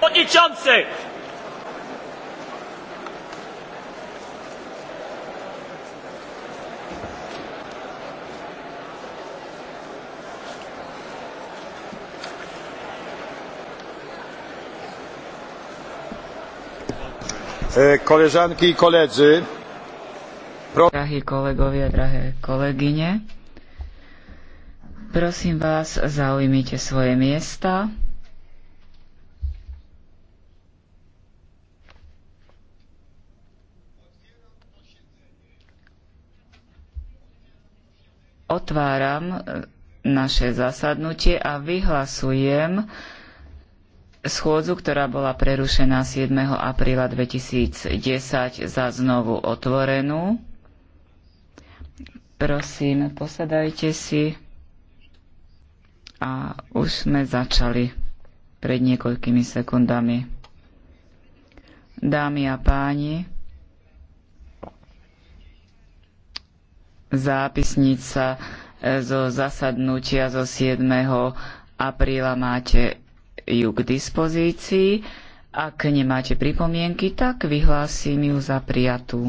przewodniczący! E, koleżanki i koledzy, drahí kolegovia, drahé kolegyne, prosím vás, zaujmite svoje miesta. otváram e, naše zasadnutie a vyhlasujem schôdzu, ktorá bola prerušená 7. apríla 2010 za znovu otvorenú. Prosím, posadajte si. A už sme začali pred niekoľkými sekundami. Dámy a páni, Zápisnica e, zo zasadnutia zo 7. apríla máte ju k dispozícii. Ak nemáte pripomienky, tak vyhlásim ju za prijatú.